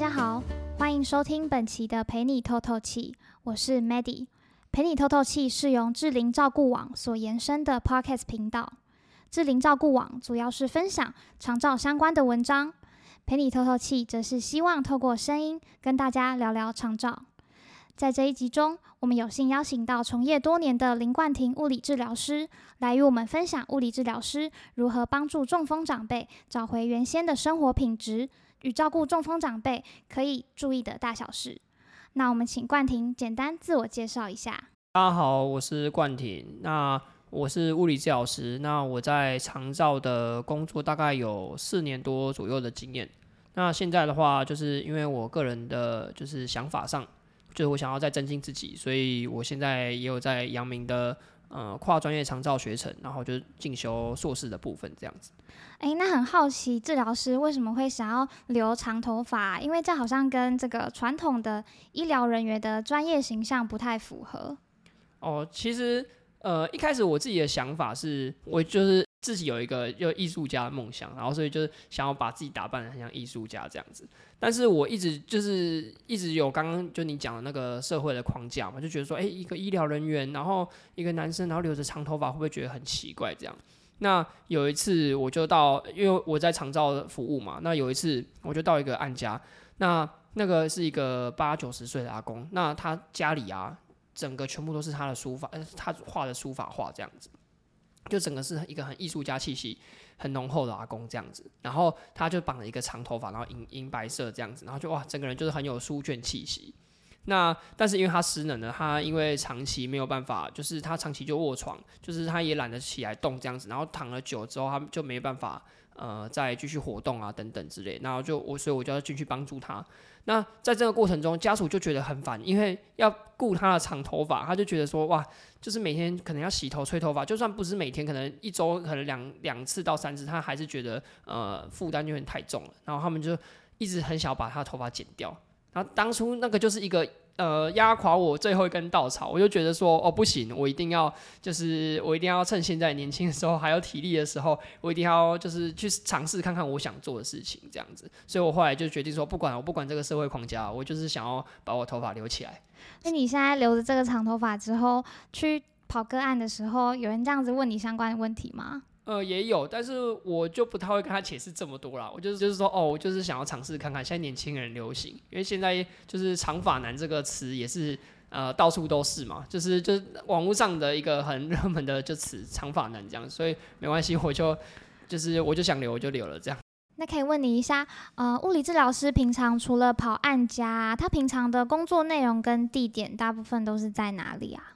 大家好，歡迎收聽本期的《陪你透透氣》，我是 Maddy。《陪你透透氣》是由智齡照顧網所延伸的 Podcast 頻道。智齡照顧網主要是分享長照相關的文章，《陪你透透氣》則是希望透過聲音跟大家聊聊長照。在這一集中，我們有幸邀請到從業多年的林冠廷物理治療師來與我們分享物理治療師如何幫助中風長輩找回原先的生活品質。與照顧中風長輩可以注意的大小事，那我們請冠廷簡單自我介紹一下。大家好，我是冠廷，那我是物理治療師，那我在長照的工作大概有四年多左右的經驗。那現在的話，就是因為我個人的就是想法上，就是我想要再增進自己，所以我現在也有在陽明的。呃，跨專業長照學程，然後就是進修碩士的部分，這樣子。哎、欸，那很好奇，治療師為什麼會想要留長頭髮啊？因為這好像跟這個傳統的醫療人員的專業形象不太符合。哦、呃，其實。呃，一開始我自己的想法是，我就是自己有一個要藝術家的夢想，然後所以就是想要把自己打扮得很像藝術家這樣子。但是我一直就是一直有剛剛就你講的那個社會的框架嘛，就覺得說，哎、欸，一個醫療人員，然後一個男生，然後留着長頭髮，會不會覺得很奇怪這樣？那有一次我就到，因為我在長照服務嘛，那有一次我就到一個案家，那那個是一個八九十歲的阿公，那他家裡啊。整個全部都是他的書法，呃，他畫的書法畫這樣子，就整個是一個很藝術家氣息、很濃厚的阿公這樣子，然後他就綁了一個長頭髮，然後銀，銀白色這樣子，然後就哇，整個人就是很有書卷氣息。那但是因為他失能了，他因為長期沒有辦法，就是他長期就臥床，就是他也懶得起來動這樣子，然後躺了久之後，他就沒辦法呃再繼續活動啊等等之類，然後就我，所以我就要進去幫助他。那在這個過程中，家屬就覺得很煩，因為要顧他的長頭髮，他就覺得說哇，就是每天可能要洗頭、吹頭髮，就算不是每天，可能一週可能兩兩次到三次，他還是覺得呃負擔有點太重了，然後他們就一直很想把他的頭髮剪掉。然後當初那個就是一個呃壓垮我最後一根稻草，我就覺得說哦，不行，我一定要就是我一定要趁現在年輕的時候還有體力的時候，我一定要就是去嘗試看看我想做的事情這樣子。所以我後來就決定說，不管我不管這個社會框架，我就是想要把我頭髮留起來。那你現在留着這個長頭髮之後去跑個案的時候，有人這樣子問你相關的問題嗎？呃，也有，但是我就不太會跟他解釋這麼多了。我就是就是說，哦，我就是想要嘗試看看，現在年輕人流行，因為現在就是長髮男這個詞也是呃到處都是嘛，就是就是網絡上的一個很熱門的就詞，長髮男這樣，所以沒關係，我就就是我就想留，我就留了這樣。那可以問你一下，呃，物理治療師平常除了跑案家，啊，他平常的工作內容跟地點大部分都是在哪裡啊？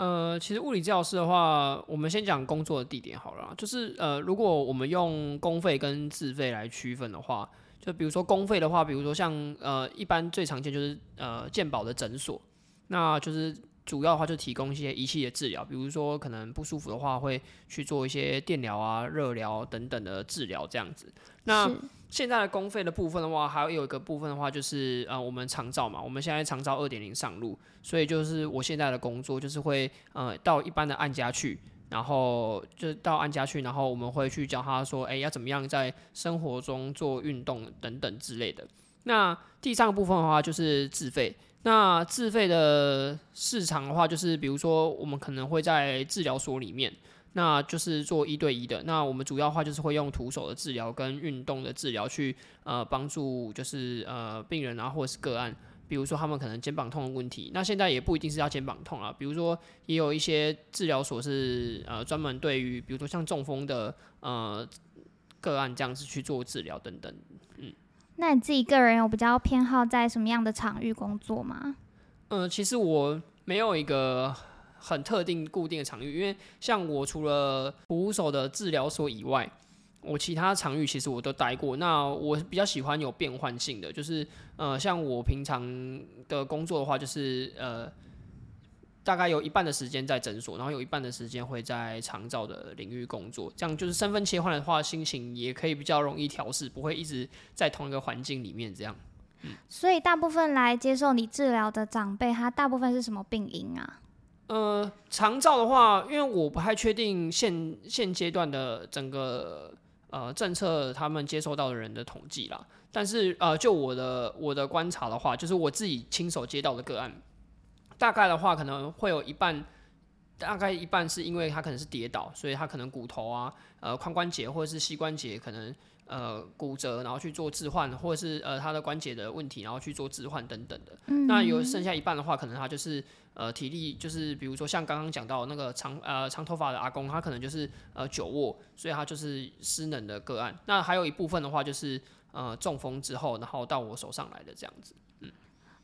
呃，其實物理治療師的話，我們先講工作的地點好了。就是呃，如果我們用公費跟自費來區分的話，就比如說公費的話，比如說像呃，一般最常見就是呃，健保的診所，那就是主要的話就提供一些儀器的治療，比如說可能不舒服的話，會去做一些電療啊、嗯、熱療等等的治療這樣子。那現在的公費的部分的話，還有一個部分的話，就是呃，我們長照嘛，我們現在長照二點零上路，所以就是我現在的工作就是會呃到一般的按家去，然後就到按家去，然後我們會去教他說，誒、欸，要怎麼樣在生活中做運動等等之類的。那第三個部分的話就是自費，那自費的市場的話，就是比如說我們可能會在治療所裡面。那就是做一對一的。那我們主要的話就是會用徒手的治療跟運動的治療去呃幫助，就是呃病人啊或者是個案，比如說他們可能肩膀痛的問題。那現在也不一定是要肩膀痛啊，比如說也有一些治療所是呃專門對於比如說像中風的呃個案這樣子去做治療等等。嗯，那你自己個人有比較偏好在什麼樣的場域工作嗎？呃，其實我沒有一個。很特定固定的場域，因為像我除了徒手的治療所以外，我其他場域其實我都待過。那我比較喜歡有變換性的，就是呃，像我平常的工作的話，就是呃，大概有一半的時間在診所，然後有一半的時間會在長照的領域工作。這樣就是身份切換的話，心情也可以比較容易調適，不會一直在同一個環境裡面這樣，嗯。所以大部分來接受你治療的長輩，他大部分是什麼病因啊？呃，長照的話，因為我不太確定現現階段的整個呃政策，他們接受到的人的統計啦。但是呃，就我的我的觀察的話，就是我自己親手接到的個案，大概的話可能會有一半，大概一半是因為他可能是跌倒，所以他可能骨頭啊，呃，髖關節或者是膝關節可能。呃，骨折，然後去做置換，或者是呃，他的關節的問題，然後去做置換等等的。嗯。那有剩下一半的話，可能他就是呃，體力就是，比如說像剛剛講到那個長呃長頭髮的阿公，他可能就是呃久臥，所以他就是失能的個案。那還有一部分的話，就是呃中風之後，然後到我手上來的這樣子。嗯，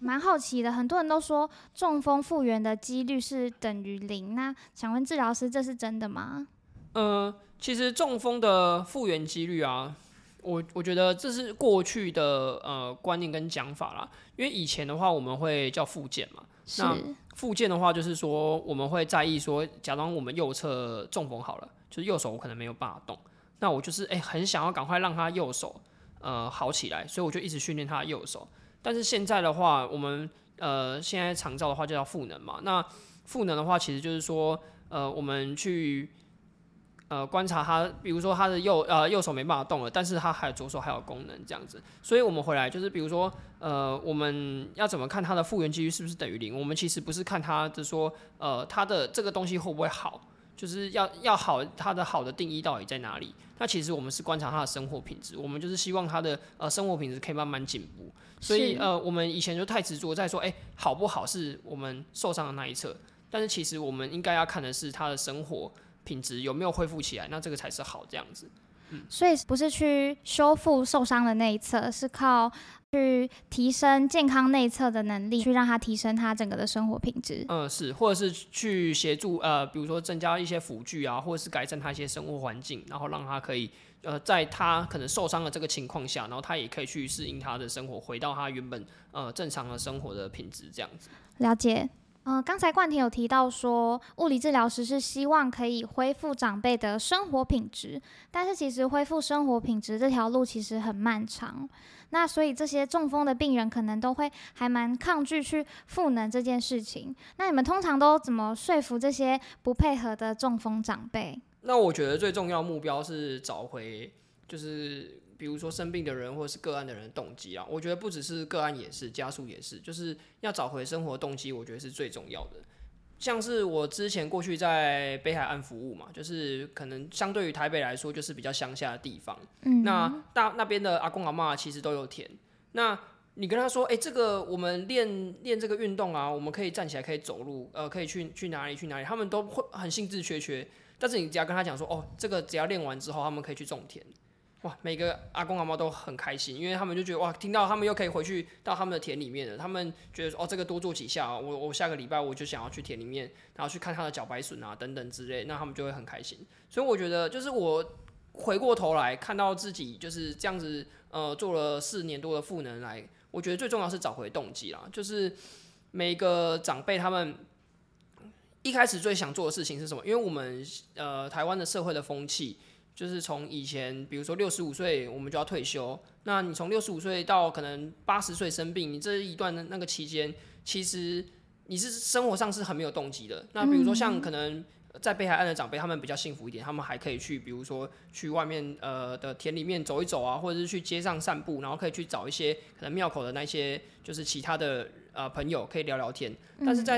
蠻好奇的，很多人都說中風復原的幾率是等於零，那想問治療師，這是真的嗎？呃，其實中風的復原幾率啊。我我覺得這是過去的呃觀念跟講法啦，因為以前的話我們會叫復健嘛，是那復健的話就是說我們會在意說，假裝我們右側中風好了，就是右手我可能沒有辦法動，那我就是誒、欸、很想要趕快讓他右手呃好起來，所以我就一直訓練他的右手。但是現在的話，我們呃現在長照的話就叫復能嘛，那復能的話其實就是說呃我們去。呃，觀察他，比如說他的右呃右手沒辦法動了，但是他還有左手還有功能這樣子，所以我們回來就是比如說呃我們要怎麼看他的復原機率是不是等於零？我們其實不是看他的說呃他的這個東西會不會好，就是要要好，他的好的定義到底在哪裡？那其實我們是觀察他的生活品質，我們就是希望他的呃生活品質可以慢慢進步。所以呃我們以前就太執着在說，欸，好不好是我們受傷的那一側，但是其實我們應該要看的是他的生活品質有沒有恢復起來？那這個才是好這樣子。嗯，所以不是去修復受傷的那一側，是靠去提升健康內側的能力，去讓他提升他整個的生活品質。嗯，是，或者是去協助呃，比如說增加一些輔具啊，或者是改善他一些生活環境，然後讓他可以呃，在他可能受傷的這個情況下，然後他也可以去適應他的生活，回到他原本呃正常的生活的品質這樣子。了解。呃，剛才冠廷有提到說，物理治療師是希望可以恢復長輩的生活品質，但是其實恢復生活品質這條路其實很漫長，那所以這些中風的病人可能都會還蠻抗拒去復能這件事情。那你們通常都怎麼說服這些不配合的中風長輩？那我覺得最重要目標是找回，就是。比如說生病的人或是個案的人的動機啊，我覺得不只是個案也是，家屬也是，就是要找回生活的動機，我覺得是最重要的。像是我之前過去在北海岸服務嘛，就是可能相對於台北來說，就是比較鄉下的地方。嗯，那大那邊的阿公阿嬤其實都有田。那你跟他說，哎，這個我們練練這個運動啊，我們可以站起來，可以走路，呃，可以去去哪裡去哪裡，他們都會很興致缺缺。但是你只要跟他講說，哦，這個只要練完之後，他們可以去種田。哇，每個阿公阿嬤都很開心，因為他們就覺得哇，聽到他們又可以回去到他們的田裡面了。他們覺得哦，這個多做幾下，我我下個禮拜我就想要去田裡面，然後去看他的茭白筍啊等等之類，那他們就會很開心。所以我覺得，就是我回過頭來看到自己就是這樣子，呃，做了四年多的復能，來，我覺得最重要是找回動機啦。就是每個長輩他們一開始最想做的事情是什麼？因為我們呃，台灣的社會的風氣。就是從以前，比如說六十五歲我們就要退休，那你從六十五歲到可能八十歲生病，你這一段的那個期間，其實你是生活上是很沒有動機的。那比如說像可能在北海岸的長輩，他們比較幸福一點，他們還可以去，比如說去外面呃的田裡面走一走啊，或者是去街上散步，然後可以去找一些可能廟口的那些就是其他的呃朋友可以聊聊天。但是在，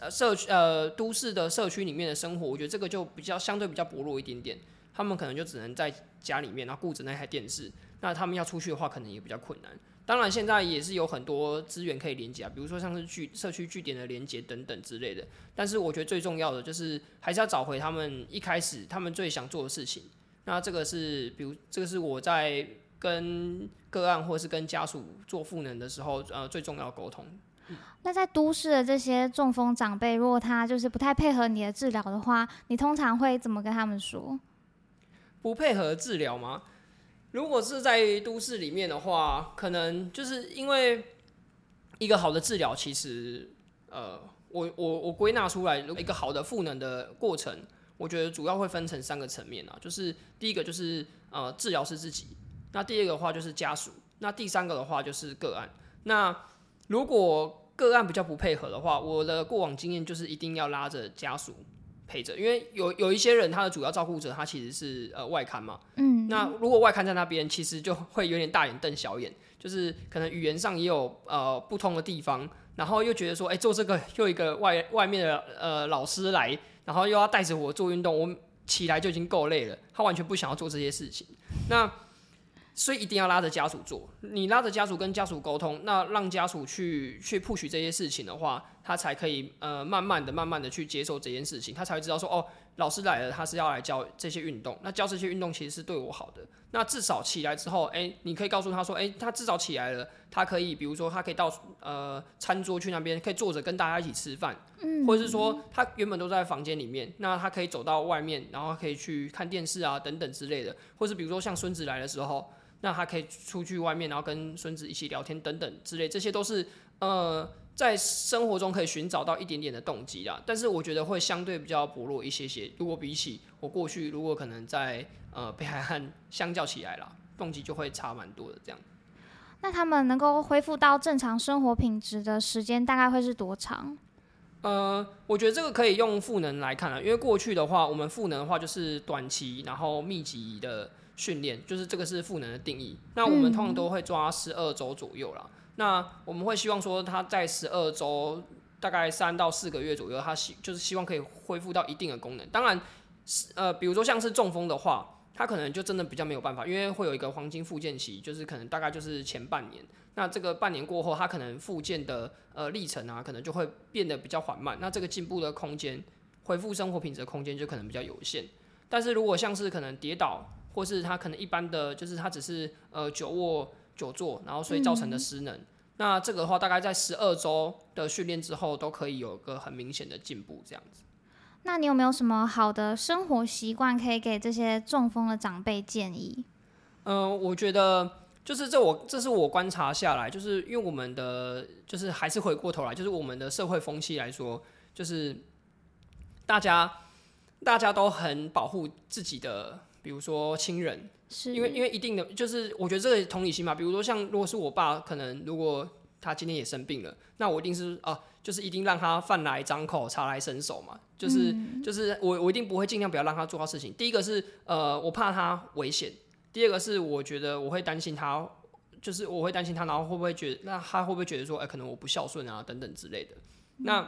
呃、社區呃都市的社區裡面的生活，我覺得這個就比較相對比較薄弱一點點。他們可能就只能在家裡面，然後顧着那台電視。那他們要出去的話，可能也比較困難。當然，現在也是有很多資源可以連接啊，比如說像是據社區據點的連接等等之類的。但是，我覺得最重要的就是還是要找回他們一開始他們最想做的事情。那這個是，比如這個是我在跟個案或是跟家屬做復能的時候，呃，最重要的溝通。那在都市的這些中風長輩，如果他就是不太配合你的治療的話，你通常會怎麼跟他們說？不配合治療嗎？如果是在都市裡面的話，可能就是因為一個好的治療，其實呃，我我我歸納出來，一個好的復能的過程，我覺得主要會分成三個層面啊，就是第一個就是呃治療師自己，那第二個的話就是家屬，那第三個的話就是個案。那如果個案比較不配合的話，我的過往經驗就是一定要拉着家屬。陪着，因為有有一些人，他的主要照顧者他其實是呃外看嘛，嗯，那如果外看在那邊，其實就會有點大眼瞪小眼，就是可能語言上也有呃不通的地方，然後又覺得說，哎、欸，做這個又一個外外面的呃老師來，然後又要帶着我做運動，我起來就已經夠累了，他完全不想要做這些事情，那。所以一定要拉着家屬做，你拉着家屬跟家屬溝通，那讓家屬去去 push 這些事情的話，他才可以呃慢慢的、慢慢的去接受這件事情，他才會知道說哦，老師來了，他是要來教這些運動，那教這些運動其實是對我好的。那至少起來之後，哎、欸，你可以告訴他說，哎、欸，他至少起來了，他可以比如說他可以到呃餐桌去那邊，可以坐着跟大家一起吃飯，或者是說他原本都在房間裡面，那他可以走到外面，然後可以去看電視啊等等之類的，或是比如說像孫子來的時候。那他可以出去外面，然後跟孫子一起聊天等等之類，這些都是呃在生活中可以尋找到一點點的動機啦。但是我覺得會相對比較薄弱一些些。如果比起我過去，如果可能在呃北海岸相較起來啦，動機就會差蠻多的這樣。那他們能夠恢復到正常生活品質的時間大概會是多長？呃，我覺得這個可以用復能來看啦，因為過去的話，我們復能的話就是短期，然後密集的。訓練就是這個是賦能的定義。那我們通常都會抓十二周左右啦。嗯嗯，那我們會希望說，他在十二周大概三到四個月左右，他希就是希望可以恢復到一定的功能。當然，呃，比如說像是中風的話，他可能就真的比較沒有辦法，因為會有一個黃金復健期，就是可能大概就是前半年。那這個半年過後，他可能復健的呃歷程啊，可能就會變得比較緩慢。那這個進步的空間，恢復生活品質的空間就可能比較有限。但是如果像是可能跌倒，或是他可能一般的就是他只是呃久臥久坐，然後所以造成的失能。嗯、那這個的話，大概在十二周的訓練之後，都可以有個很明顯的進步這樣子。那你有沒有什麼好的生活習慣可以給這些中風的長輩建議？嗯、呃，我覺得就是這我這是我觀察下來，就是因為我們的就是還是回過頭來，就是我們的社會風氣來說，就是大家大家都很保護自己的。比如說親人，是因為因為一定的就是我覺得這個同理心嘛。比如說像如果是我爸，可能如果他今天也生病了，那我一定是啊、呃，就是一定讓他飯來張口，茶來伸手嘛。就是、嗯、就是我我一定不會盡量不要讓他做到事情。第一個是呃，我怕他危險；第二個是我覺得我會擔心他，就是我會擔心他，然後會不會覺得那他會不會覺得說哎、欸，可能我不孝順啊等等之類的那。嗯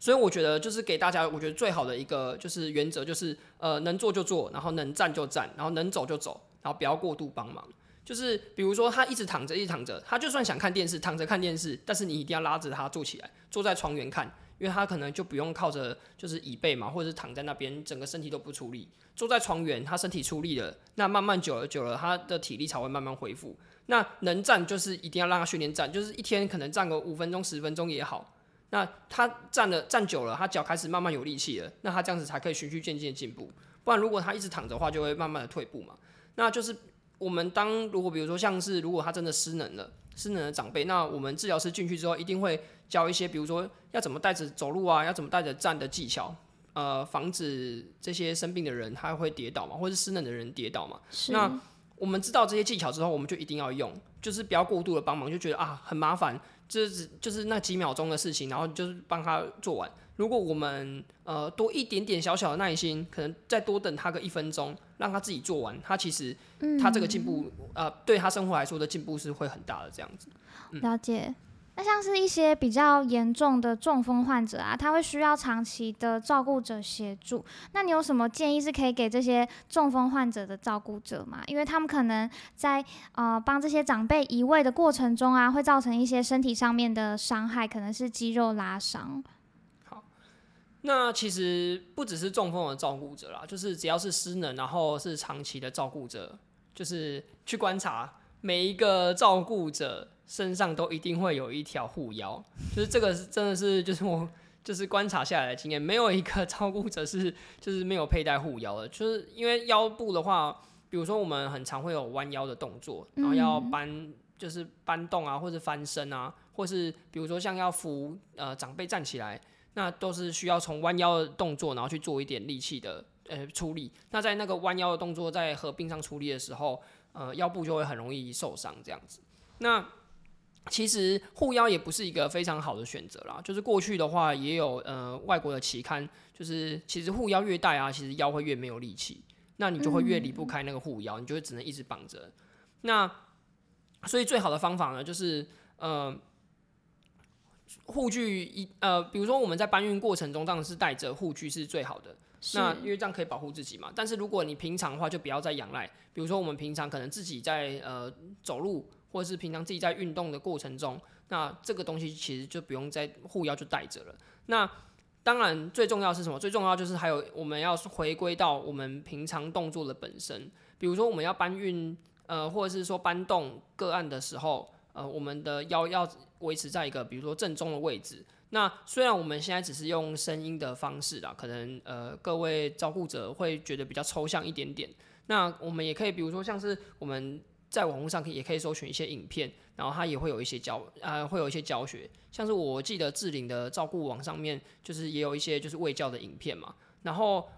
所以我覺得就是給大家，我覺得最好的一個就是原則就是，呃，能坐就坐，然後能站就站，然後能走就走，然後不要過度幫忙。就是比如說他一直躺着，一直躺着，他就算想看電視，躺着看電視，但是你一定要拉着他坐起來，坐在床緣看，因為他可能就不用靠着就是椅背嘛，或者是躺在那邊，整個身體都不出力。坐在床緣，他身體出力了，那慢慢久了久了，他的體力才會慢慢恢復。那能站就是一定要讓他訓練站，就是一天可能站個五分鐘、十分鐘也好。那他站了，站久了，他腳開始慢慢有力氣了，那他這樣子才可以循序漸進的進步。不然如果他一直躺着的話，就會慢慢的退步嘛。那就是我們當如果比如說像是如果他真的失能了，失能的長輩，那我們治療師進去之後一定會教一些，比如說要怎麼帶着走路啊，要怎麼帶着站的技巧，呃，防止這些生病的人他會跌倒嘛，或是失能的人跌倒嘛。那我們知道這些技巧之後，我們就一定要用，就是不要過度的幫忙，就覺得啊很麻煩。這、就是、就是那幾秒鐘的事情，然後就是幫他做完。如果我們呃多一點點小小的耐心，可能再多等他個一分鐘，讓他自己做完，他其實、嗯、他這個進步呃對他生活來說的進步是會很大的。這樣子，嗯、了解。那像是一些比較嚴重的中風患者啊，他會需要長期的照顧者協助。那你有什麼建議是可以給這些中風患者的照顧者嗎？因為他們可能在呃幫這些長輩移位的過程中啊，會造成一些身體上面的傷害，可能是肌肉拉傷。好，那其實不只是中風的照顧者啦，就是只要是失能，然後是長期的照顧者，就是去觀察每一個照顧者，身上都一定會有一條護腰，就是這個是真的是就是我就是觀察下來的經驗，沒有一個照顧者是就是沒有佩戴護腰的。就是因為腰部的話，比如說我們很常會有彎腰的動作，然後要搬就是搬動啊，或是翻身啊，或是比如說像要扶呃長輩站起來，那都是需要從彎腰的動作，然後去做一點力氣的呃出力。那在那個彎腰的動作在合併上出力的時候，呃腰部就會很容易受傷這樣子，那。其實護腰也不是一個非常好的選擇啦，就是過去的話也有呃外國的期刊，就是其實護腰越戴啊，其實腰會越沒有力氣，那你就會越離不開那個護腰，你就會只能一直綁着。那所以最好的方法呢，就是呃護具一呃，比如說我們在搬運過程中，當然是帶着護具是最好的，那因為這樣可以保護自己嘛。但是如果你平常的話，就不要再仰賴，比如說我們平常可能自己在呃走路。或者是平常自己在運動的過程中，那這個東西其實就不用再護腰就戴着了。那當然最重要的是什麼？最重要就是還有我們要回歸到我們平常動作的本身。比如說我們要搬運，呃，或者是說搬動個案的時候，呃，我們的腰要維持在一個比如說正中的位置。那雖然我們現在只是用聲音的方式啦，可能呃各位照顧者會覺得比較抽象一點點。那我們也可以比如說像是我們。在網路上可以也可以搜尋一些影片，然後它也會有一些教，呃，會有一些教學，像是我記得智齡的照顧網上面就是也有一些就是衛教的影片嘛，然後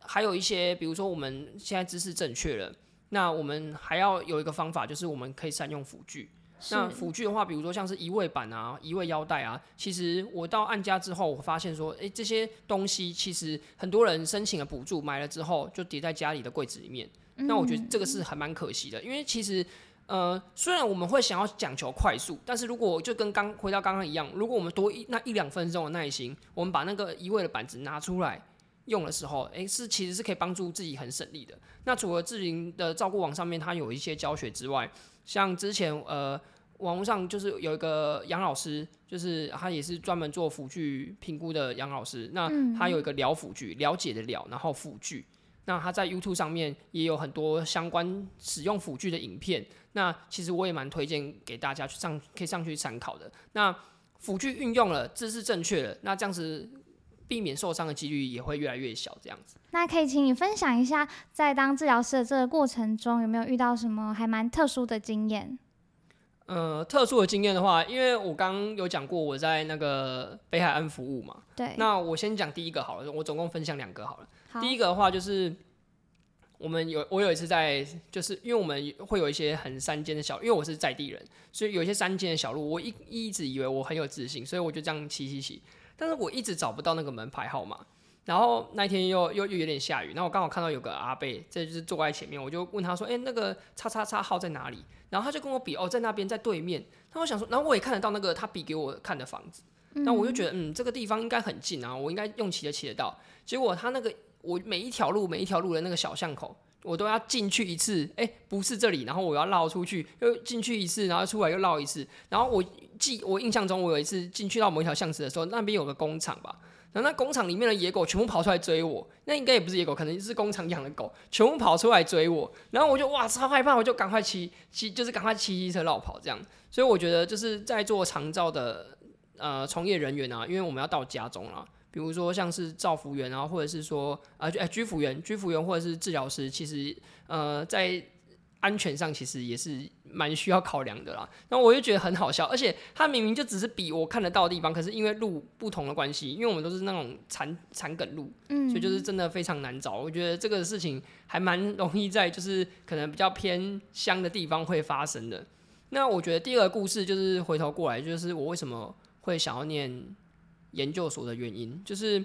還有一些，比如說我們現在姿勢正確了，那我們還要有一個方法，就是我們可以善用輔具。那輔具的話，比如說像是移位板啊、移位腰帶啊，其實我到案家之後，我發現說，哎、欸，這些東西其實很多人申請了補助，買了之後就疊在家裡的櫃子裡面。那我覺得這個是還蠻可惜的，因為其實，呃，雖然我們會想要講求快速，但是如果就跟剛回到剛剛一樣，如果我們多一那一兩分鐘的耐心，我們把那個移位的板子拿出來用的時候，哎、欸，是其實是可以幫助自己很省力的。那除了智齡的照顧網上面它有一些教學之外，像之前呃，網絡上就是有一個楊老師，就是他也是專門做輔具評估的楊老師，那他有一個瞭輔具，瞭解的瞭，然後輔具。那他在 YouTube 上面也有很多相關使用輔具的影片，那其實我也蠻推薦給大家去上，可以上去參考的。那輔具運用了姿勢正確了，那這樣子避免受傷的幾率也會越來越小。這樣子，那可以請你分享一下，在當治療師的這個過程中，有沒有遇到什麼還蠻特殊的經驗？呃，特殊的經驗的話，因為我剛有講過我在那個北海岸服務嘛，對。那我先講第一個好了，我總共分享兩個好了。第一個的話就是，我們有我有一次在，就是因為我們會有一些很山間的小，因為我是在地人，所以有一些山間的小路，我一一直以為我很有自信，所以我就這樣騎騎騎，但是我一直找不到那個門牌號碼。然後那天又又又有點下雨，那我剛好看到有個阿伯，這就是坐在前面，我就問他說：“誒，那個叉叉叉號在哪裡？”然後他就跟我比，哦，在那邊，在對面。他我想說，然後我也看得到那個他比給我看的房子，那我就覺得嗯，這個地方應該很近啊，我應該用騎就騎得到。結果他那個。我每一條路，每一條路的那個小巷口，我都要進去一次。哎、欸，不是這裡，然後我要繞出去，又進去一次，然後出來又繞一次。然後我記，我印象中，我有一次進去到某一條巷子的時候，那邊有個工廠吧。然後那工廠裡面的野狗全部跑出來追我。那應該也不是野狗，可能是工廠養的狗，全部跑出來追我。然後我就哇，超害怕，我就趕快騎騎，就是趕快騎機車繞跑這樣。所以我覺得，就是在做長照的呃從業人員啊，因為我們要到家中了、啊。比如說像是照服員啊，或者是說啊，哎、呃，居服員、居服員或者是治療師，其實呃，在安全上其實也是蠻需要考量的啦。那我就覺得很好笑，而且他明明就只是比我看得到的地方，可是因為路不同的關係，因為我們都是那種殘殘梗路，嗯，所以就是真的非常難找。嗯、我覺得這個事情還蠻容易在就是可能比較偏鄉的地方會發生的。那我覺得第二個故事就是回頭過來，就是我為什麼會想要念。研究所的原因就是，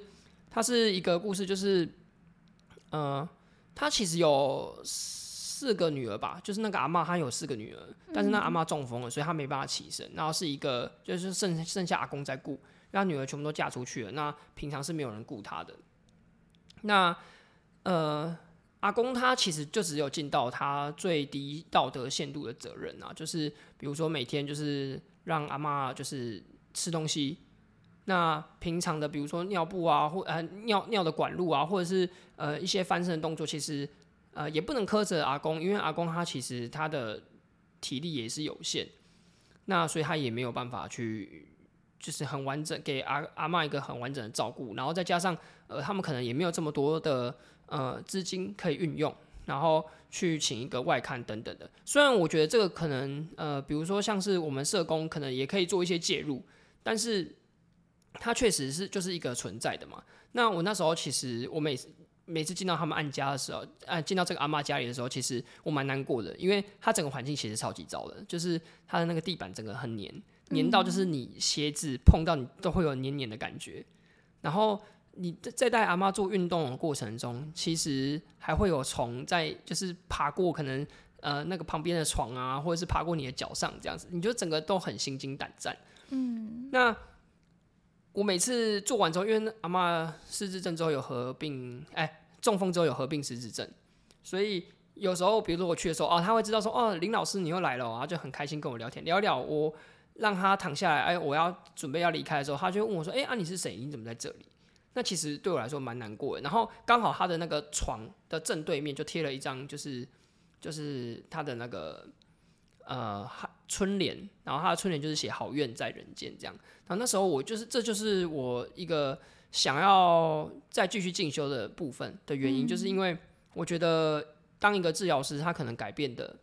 它是一個故事，就是，呃，他其實有四個女兒吧，就是那個阿嬤，她有四個女兒，但是那阿嬤中風了，所以她沒辦法起身，然後是一個就是剩剩下阿公在顧，讓女兒全部都嫁出去了，那平常是沒有人顧她的，那呃，阿公他其實就只有盡到他最低道德限度的責任啊，就是比如說每天就是讓阿嬤就是吃東西。那平常的，比如說尿布啊，或呃尿尿的管路啊，或者是呃一些翻身的動作，其實呃也不能苛責阿公，因為阿公他其實他的體力也是有限，那所以他也沒有辦法去，就是很完整給阿阿嬤一個很完整的照顧，然後再加上呃他們可能也沒有這麼多的呃資金可以運用，然後去請一個外看等等的。雖然我覺得這個可能呃，比如說像是我們社工可能也可以做一些介入，但是。它確實是就是一個存在的嘛。那我那時候其實我每每次進到他們案家的時候，啊、呃，進到這個阿媽家裡的時候，其實我蠻難過的，因為他整個環境其實超級糟的，就是他的那個地板整個很黏，黏到就是你鞋子碰到你都會有黏黏的感覺。嗯、然後你在在帶阿媽做運動的過程中，其實還會有蟲在就是爬過可能呃那個旁邊的床啊，或者是爬過你的腳上這樣子，你就整個都很心驚膽戰。嗯，那。我每次做完之後，因為阿嬤失智症之後有合併，哎、欸，中風之後有合併失智症，所以有時候，比如說我去的時候啊、哦，他會知道說，哦，林老師你又來了、哦，然後就很開心跟我聊天聊聊。我讓他躺下來，哎，我要準備要離開的時候，他就會問我說，哎、欸，啊你是誰？你怎麼在這裡？那其實對我來說蠻難過的。然後剛好他的那個床的正對面就貼了一張，就是就是他的那個，呃，還。春聯，然後他的春聯就是寫“好願在人間”這樣。然後那時候我就是，這就是我一個想要再繼續進修的部分的原因，嗯，就是因為我覺得當一個治療師，他可能改變的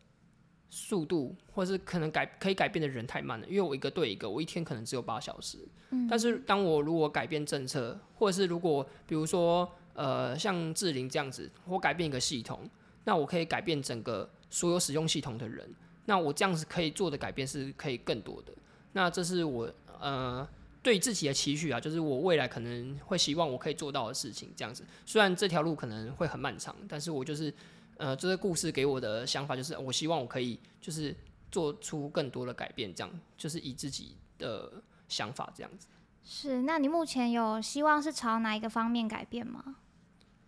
速度，或者是可能改可以改變的人太慢了，因為我一個對一個，我一天可能只有八小時。嗯，但是當我如果改變政策，或者是如果比如說呃像智齡這樣子，我改變一個系統，那我可以改變整個所有使用系統的人，那我這樣子可以做的改變是可以更多的。那這是我呃對自己的期許啊，就是我未來可能會希望我可以做到的事情，這樣子，雖然這條路可能會很漫長，但是我就是呃，這個故事給我的想法就是，我希望我可以就是做出更多的改變，這樣就是以自己的想法這樣子。是，那你目前有希望是朝哪一個方面改變嗎？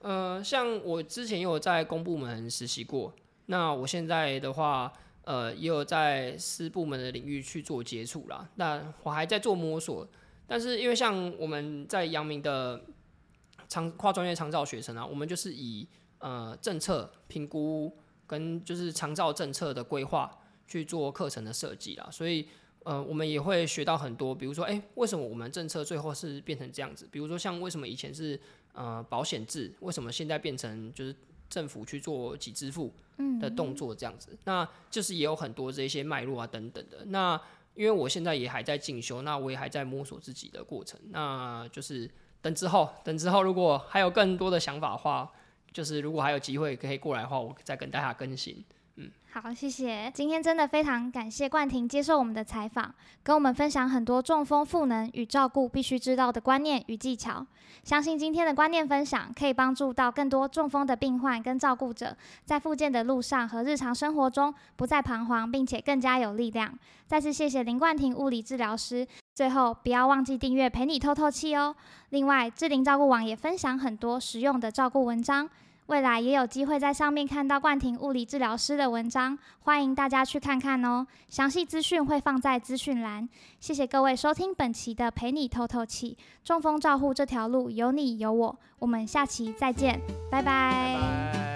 呃，像我之前有在公部門實習過，那我現在的話。呃，也有在私部門的領域去做接觸啦。那我還在做摸索，但是因為像我們在陽明的長跨專業長照學程啊，我們就是以呃政策評估跟就是長照政策的規劃去做課程的設計啦，所以呃我們也會學到很多，比如說哎、欸、為什麼我們政策最後是變成這樣子？比如說像為什麼以前是呃保險制，為什麼現在變成就是？政府去做幾支付的動作，這樣子。嗯嗯，那就是也有很多這些脈絡啊等等的。那因為我現在也還在進修，那我也還在摸索自己的過程。那就是等之後，等之後如果還有更多的想法的話，就是如果還有機會可以過來的話，我再跟大家更新。好，謝謝。今天真的非常感謝冠廷接受我們的採訪，跟我們分享很多中風復能與照顧必須知道的觀念與技巧。相信今天的觀念分享可以幫助到更多中風的病患跟照顧者，在復健的路上和日常生活中不再彷徨，並且更加有力量。再次謝謝林冠廷物理治療師。最後，不要忘記訂閱“陪你透透氣”哦。另外，智齡照顧網也分享很多實用的照顧文章。未來也有機會在上面看到冠廷物理治療師的文章，歡迎大家去看看哦。詳細資訊會放在資訊欄。謝謝各位收聽本期的《陪你透透氣》，中風照護這條路有你有我，我們下期再見，拜拜。拜拜。